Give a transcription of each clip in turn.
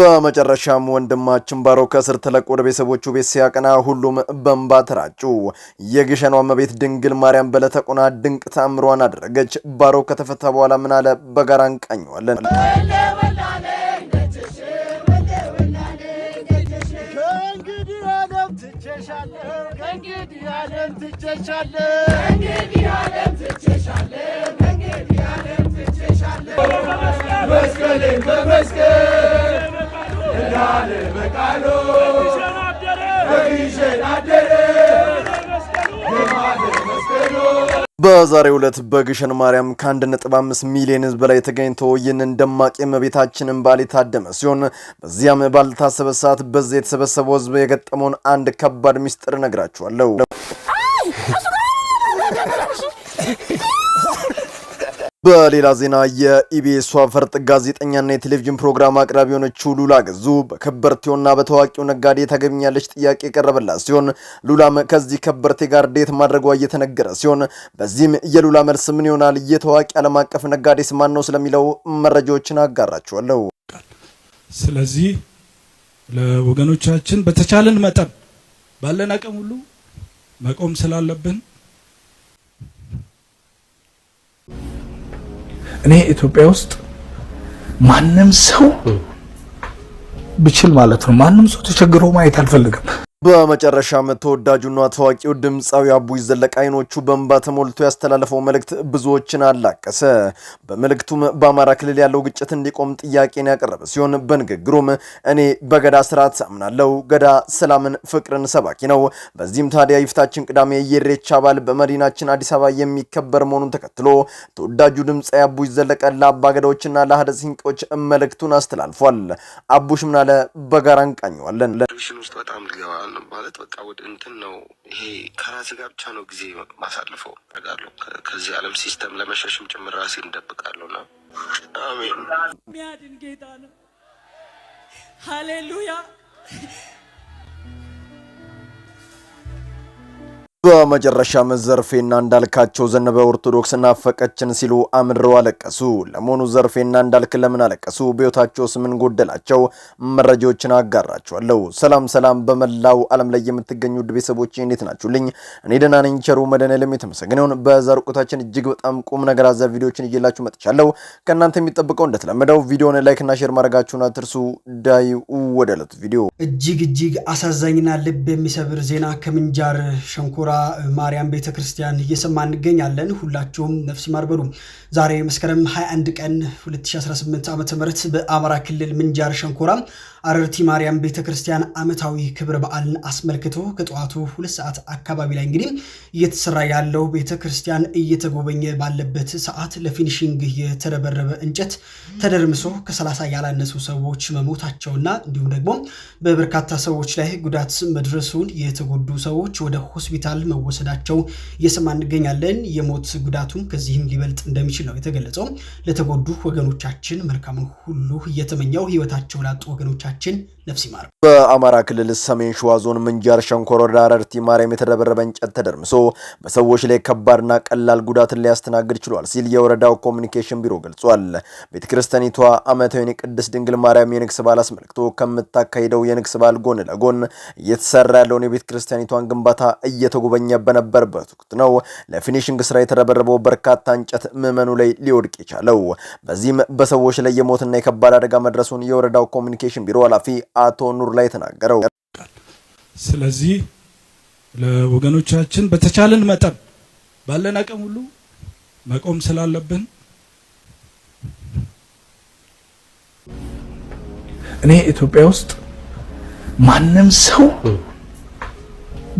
በመጨረሻም ወንድማችን ባሮክ ከእስር ተለቆ ወደ ቤተሰቦቹ ቤት ሲያቀና ሁሉም በእንባ ተራጩ። የግሸኗ እመቤት ድንግል ማርያም በለተቁና ድንቅ ተአምሯን አደረገች። ባሮክ ከተፈታ በኋላ ምን አለ? በጋራ እንቃኘዋለን። ከእንግዲህ ዓለም ትቼሻለሁ በዛሬ በመስቀል እንዳለ በግሸን አደረ የማደ መስቀሎ በዛሬው ዕለት በግሸን ማርያም ከ1.5 ሚሊዮን ህዝብ በላይ ተገኝቶ ይህንን ደማቅ የእመቤታችንን በዓል የታደመ ሲሆን በዚያም ባልታሰበ ሰዓት በዛ የተሰበሰበው ህዝብ የገጠመውን አንድ ከባድ ምስጢር እነግራችኋለሁ። በሌላ ዜና የኢቢኤሷ ፈርጥ ጋዜጠኛና የቴሌቪዥን ፕሮግራም አቅራቢ የሆነችው ሉላ ገዙ በከበርቴውና በታዋቂው ነጋዴ ታገኛለች ጥያቄ የቀረበላት ሲሆን ሉላም ከዚህ ከበርቴ ጋር ዴት ማድረጓ እየተነገረ ሲሆን በዚህም የሉላ መልስ ምን ይሆናል፣ የታዋቂ ዓለም አቀፍ ነጋዴ ስማን ነው ስለሚለው መረጃዎችን አጋራችኋለሁ። ስለዚህ ለወገኖቻችን በተቻለን መጠን ባለን አቅም ሁሉ መቆም ስላለብን እኔ ኢትዮጵያ ውስጥ ማንም ሰው ብችል ማለት ነው ማንም ሰው ተቸግሮ ማየት አልፈልግም። በመጨረሻም ተወዳጁና ታዋቂው ድምፃዊ አቡይ ዘለቀ አይኖቹ በእንባ ተሞልቶ ያስተላለፈው መልእክት ብዙዎችን አላቀሰ። በመልእክቱም በአማራ ክልል ያለው ግጭት እንዲቆም ጥያቄን ያቀረበ ሲሆን በንግግሩም እኔ በገዳ ስርዓት አምናለሁ፣ ገዳ ሰላምን፣ ፍቅርን ሰባኪ ነው። በዚህም ታዲያ የፊታችን ቅዳሜ የኢሬቻ በዓል በመዲናችን አዲስ አበባ የሚከበር መሆኑን ተከትሎ ተወዳጁ ድምፃዊ አቡይ ዘለቀ ለአባገዳዎችና ለአህደ ሲንቄዎች መልእክቱን አስተላልፏል። አቡሽ ምናለ በጋራ እንቃኘዋለን። ዲፕሬሽን ውስጥ በጣም ልገባ ማለት በቃ ወደ እንትን ነው ይሄ ከራሴ ጋር ብቻ ነው ጊዜ ማሳልፈው አደርጋለሁ። ከዚህ ዓለም ሲስተም ለመሸሽም ጭምር ራሴ እንደብቃለሁ። ነው። አሜን። ሚያድን ጌታ ነው። ሀሌሉያ በመጨረሻ ዘርፌና እንዳልካቸው ዘነበ ኦርቶዶክስ ናፈቀችን ሲሉ አምድረው አለቀሱ። ለመሆኑ ዘርፌና እንዳልክ ለምን አለቀሱ? በሕይወታቸውስ ምን ጎደላቸው? መረጃዎችን አጋራችኋለሁ። ሰላም ሰላም፣ በመላው ዓለም ላይ የምትገኙ ውድ ቤተሰቦች እንዴት ናችሁልኝ? እኔ ደህና ነኝ፣ ቸሩ መድኃኔዓለም የተመሰገነውን። በዛሬው እጅግ በጣም ቁም ነገር አዘል ቪዲዮችን እየላችሁ መጥቻለሁ። ከእናንተ የሚጠብቀው እንደተለመደው ቪዲዮን ላይክና ሼር ማድረጋችሁን አትርሱ። ዳዩ ወደ ዕለቱ ቪዲዮ። እጅግ እጅግ አሳዛኝና ልብ የሚሰብር ዜና ከምንጃር ሸንኮራ ማርያም ቤተ ክርስቲያን እየሰማ እንገኛለን። ሁላችሁም ነፍስ ይማር በሉ። ዛሬ መስከረም 21 ቀን 2018 ዓ ም በአማራ ክልል ምንጃር ሸንኮራ አረርቲ ማርያም ቤተክርስቲያን ዓመታዊ ክብረ በዓልን አስመልክቶ ከጠዋቱ ሁለት ሰዓት አካባቢ ላይ እንግዲህ እየተሰራ ያለው ቤተክርስቲያን እየተጎበኘ ባለበት ሰዓት ለፊኒሽንግ የተረበረበ እንጨት ተደርምሶ ከሰላሳ ያላነሱ ሰዎች መሞታቸውና እንዲሁም ደግሞ በበርካታ ሰዎች ላይ ጉዳት መድረሱን የተጎዱ ሰዎች ወደ ሆስፒታል መወሰዳቸው እየሰማ እንገኛለን። የሞት ጉዳቱም ከዚህም ሊበልጥ እንደሚችል ነው የተገለጸው። ለተጎዱ ወገኖቻችን መልካሙን ሁሉ እየተመኘው ህይወታቸው ላጡ ወገኖቻችን አድማጫችን ነፍስ ይማር። በአማራ ክልል ሰሜን ሸዋ ዞን ምንጃር ሸንኮር ወረዳ አረርቲ ማርያም የተረበረበ እንጨት ተደርምሶ በሰዎች ላይ ከባድና ቀላል ጉዳትን ሊያስተናግድ ችሏል ሲል የወረዳው ኮሚኒኬሽን ቢሮ ገልጿል። ቤተ ክርስቲያኒቷ ዓመታዊውን የቅድስት ድንግል ማርያም የንግስ በዓል አስመልክቶ ከምታካሂደው የንግስ በዓል ጎን ለጎን እየተሰራ ያለውን የቤተ ክርስቲያኒቷን ግንባታ እየተጎበኘ በነበረበት ወቅት ነው ለፊኒሽንግ ስራ የተረበረበው በርካታ እንጨት ምዕመኑ ላይ ሊወድቅ የቻለው። በዚህም በሰዎች ላይ የሞትና የከባድ አደጋ መድረሱን የወረዳው ኮሚኒኬሽን ቢሮ ኃላፊ አቶ ኑር ላይ ተናገረው። ስለዚህ ለወገኖቻችን በተቻለን መጠን ባለን አቅም ሁሉ መቆም ስላለብን እኔ ኢትዮጵያ ውስጥ ማንም ሰው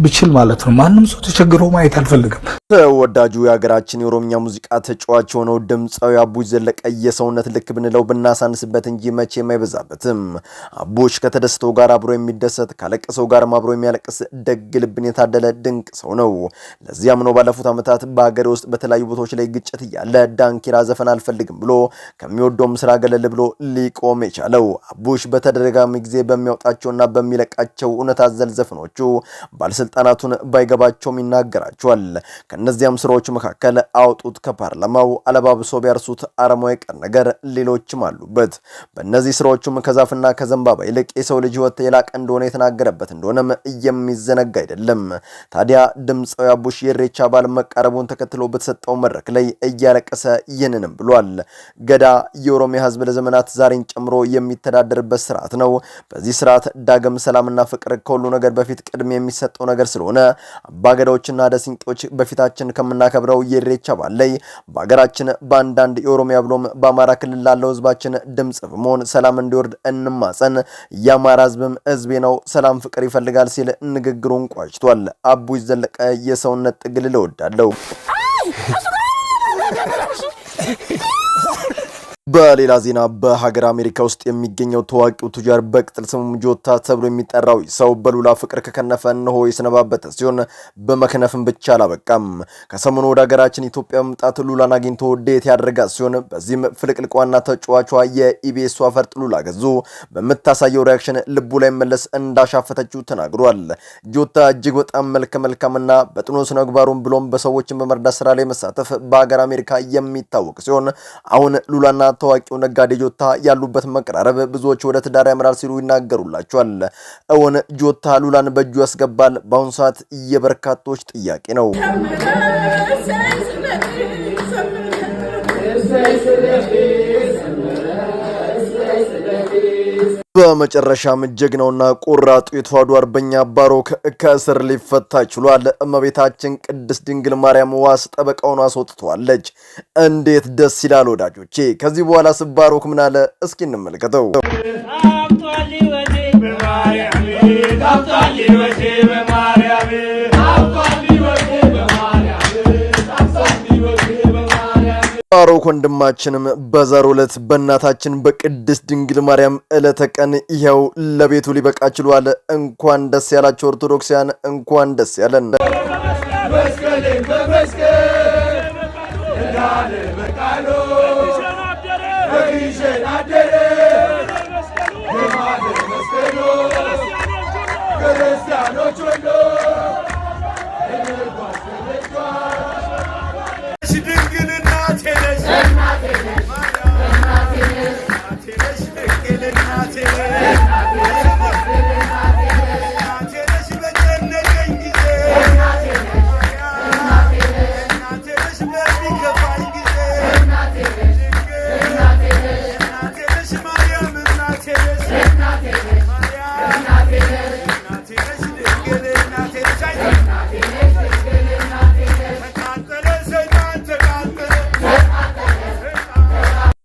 ብችል ማለት ነው ማንም ሰው ተቸግሮ ማየት አልፈልግም። ተወዳጁ የሀገራችን የኦሮምኛ ሙዚቃ ተጫዋች የሆነው ድምፃዊ አቡሽ ዘለቀ የሰውነት ልክ ብንለው ብናሳንስበት እንጂ መቼ የማይበዛበትም። አቡሽ ከተደስተው ጋር አብሮ የሚደሰት ካለቀሰው ጋርም አብሮ የሚያለቅስ ደግ ልብን የታደለ ድንቅ ሰው ነው። ለዚያም ነው ባለፉት ዓመታት በሀገሬ ውስጥ በተለያዩ ቦታዎች ላይ ግጭት እያለ ዳንኪራ ዘፈን አልፈልግም ብሎ ከሚወደውም ስራ ገለል ብሎ ሊቆም የቻለው። አቡሽ በተደጋጋሚ ጊዜ በሚያወጣቸውና በሚለቃቸው እውነት አዘል ዘፈኖቹ ባለስልጣናቱን ባይገባቸውም ይናገራቸዋል። ከእነዚያም ስራዎች መካከል አውጡት ከፓርላማው አለባብሶ ቢያርሱት አረሞ የቀር ነገር ሌሎችም አሉበት። በእነዚህ ስራዎቹም ከዛፍና ከዘንባባ ይልቅ የሰው ልጅ ህይወት የላቀ እንደሆነ የተናገረበት እንደሆነም የሚዘነጋ አይደለም። ታዲያ ድምፃዊ አቡሽ የኢሬቻ በዓል መቃረቡን ተከትሎ በተሰጠው መድረክ ላይ እያለቀሰ ይህንንም ብሏል። ገዳ የኦሮሚያ ህዝብ ለዘመናት ዛሬን ጨምሮ የሚተዳደርበት ስርዓት ነው። በዚህ ስርዓት ዳግም ሰላምና ፍቅር ከሁሉ ነገር በፊት ቅድሚያ የሚሰጠው ነገር ስለሆነ አባገዳዎችና ደሲንቄዎች በፊት በፊታችን ከምናከብረው የኢሬቻ በዓል ላይ በሀገራችን በአንዳንድ የኦሮሚያ ብሎም በአማራ ክልል ላለው ህዝባችን ድምጽ በመሆን ሰላም እንዲወርድ እንማጸን። የአማራ ህዝብም ህዝቤ ነው፣ ሰላም ፍቅር ይፈልጋል ሲል ንግግሩን ቋጭቷል። አቡ ዘለቀ የሰውነት ጥግል እወዳለሁ። በሌላ ዜና በሀገር አሜሪካ ውስጥ የሚገኘው ታዋቂው ቱጃር በቅጥል ስሙ ጆታ ተብሎ የሚጠራው ሰው በሉላ ፍቅር ከከነፈ እነሆ የሰነባበተ ሲሆን በመክነፍም ብቻ አላበቃም። ከሰሞኑ ወደ ሀገራችን ኢትዮጵያ መምጣት ሉላን አግኝቶ ዴት ያደረጋት ሲሆን በዚህም ፍልቅልቋና ተጫዋቿ የኢቢኤሱ አፈርጥ ሉላ ገዙ በምታሳየው ሪያክሽን ልቡ ላይ መለስ እንዳሻፈተችው ተናግሯል። ጆታ እጅግ በጣም መልከ መልካምና በጥኑ ስነ ብሎም በሰዎችን በመርዳት ስራ ላይ መሳተፍ በሀገር አሜሪካ የሚታወቅ ሲሆን አሁን ሉላና ወጣት ታዋቂው ነጋዴ ጆታ ያሉበት መቀራረብ ብዙዎች ወደ ትዳር ያምራል ሲሉ ይናገሩላቸዋል። እውን ጆታ ሉላን በእጁ ያስገባል? በአሁኑ ሰዓት የበርካቶች ጥያቄ ነው። በመጨረሻም ጀግናውና ቆራጡ የተዋዱ አርበኛ ባሮክ ከእስር ሊፈታ ችሏል። እመቤታችን ቅድስት ድንግል ማርያም ዋስ ጠበቃውን አስወጥተዋለች። እንዴት ደስ ይላል ወዳጆቼ! ከዚህ በኋላ ስ ባሮክ ምን አለ? እስኪ እንመልከተው። ባሮክ ወንድማችንም በዛሬው ዕለት በእናታችን በቅድስት ድንግል ማርያም ዕለተ ቀን ይኸው ለቤቱ ሊበቃ ችሏል። እንኳን ደስ ያላቸው ኦርቶዶክሳውያን፣ እንኳን ደስ ያለን። ክርስቲያኖች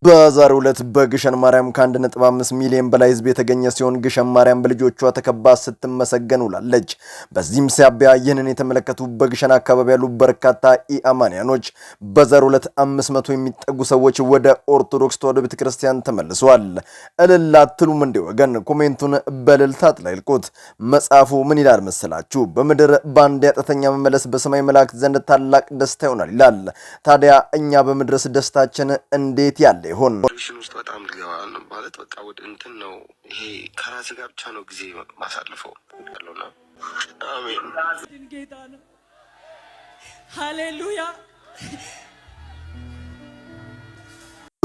በዛሬ ዕለት በግሸን ማርያም ከ1.5 ሚሊዮን በላይ ህዝብ የተገኘ ሲሆን ግሸን ማርያም በልጆቿ ተከባ ስትመሰገን ውላለች። በዚህም ሳቢያ ይህንን የተመለከቱ በግሸን አካባቢ ያሉ በርካታ ኢአማንያኖች በዛሬ ዕለት 500 የሚጠጉ ሰዎች ወደ ኦርቶዶክስ ተዋሕዶ ቤተ ክርስቲያን ተመልሰዋል። እልል አትሉም እንዴ ወገን? ኮሜንቱን በእልልታ አጥላይልቁት። መጽሐፉ ምን ይላል መሰላችሁ? በምድር በአንድ ኃጢአተኛ መመለስ በሰማይ መላእክት ዘንድ ታላቅ ደስታ ይሆናል ይላል። ታዲያ እኛ በምድረስ ደስታችን እንዴት ያለ ይሆን? ሽን ውስጥ በጣም ልገባ ማለት በቃ ወደ እንትን ነው ይሄ ከራሴ ጋር ብቻ ነው ጊዜ ማሳልፈው ያለውና አሜን ጌታ ነው። ሀሌሉያ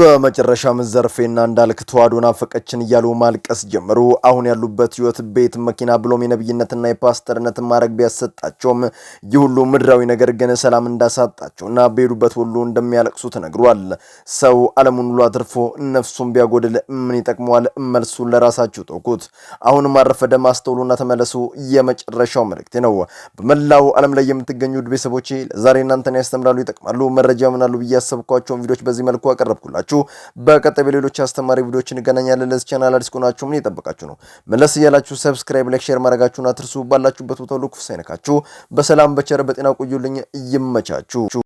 በመጨረሻም ዘርፌና እንዳልክ ተዋዶን ናፈቀችን እያሉ ማልቀስ ጀምሩ አሁን ያሉበት ህይወት፣ ቤት፣ መኪና ብሎም የነብይነትና የፓስተርነት ማድረግ ቢያሰጣቸውም ይህ ሁሉ ምድራዊ ነገር ግን ሰላም እንዳሳጣቸውና በሄዱበት ሁሉ እንደሚያለቅሱ ተነግሯል። ሰው ዓለሙን ሁሉ አትርፎ ነፍሱን ቢያጎድል ምን ይጠቅመዋል? መልሱን ለራሳችሁ ተውኩት። አሁን ማረፈደ ማስተውሉና ተመለሱ የመጨረሻው መልእክቴ ነው። በመላው ዓለም ላይ የምትገኙ ቤተሰቦቼ ለዛሬ እናንተን ያስተምራሉ፣ ይጠቅማሉ፣ መረጃ ምናሉ ብዬ ያሰብኳቸውን ቪዲዮች በዚህ መልኩ አቀረብኩላቸው። ያደረጋችሁ። በቀጣይ በሌሎች አስተማሪ ቪዲዮዎች እንገናኛለን። ለዚህ ቻናል አዲስ ከሆናችሁ ምን የጠበቃችሁ ነው? መለስ እያላችሁ ሰብስክራይብ፣ ላይክ፣ ሼር ማድረጋችሁን አትርሱ። ባላችሁበት ቦታ ሁሉ ክፉ ሳይነካችሁ በሰላም በቸር በጤና ቆዩልኝ። ይመቻችሁ።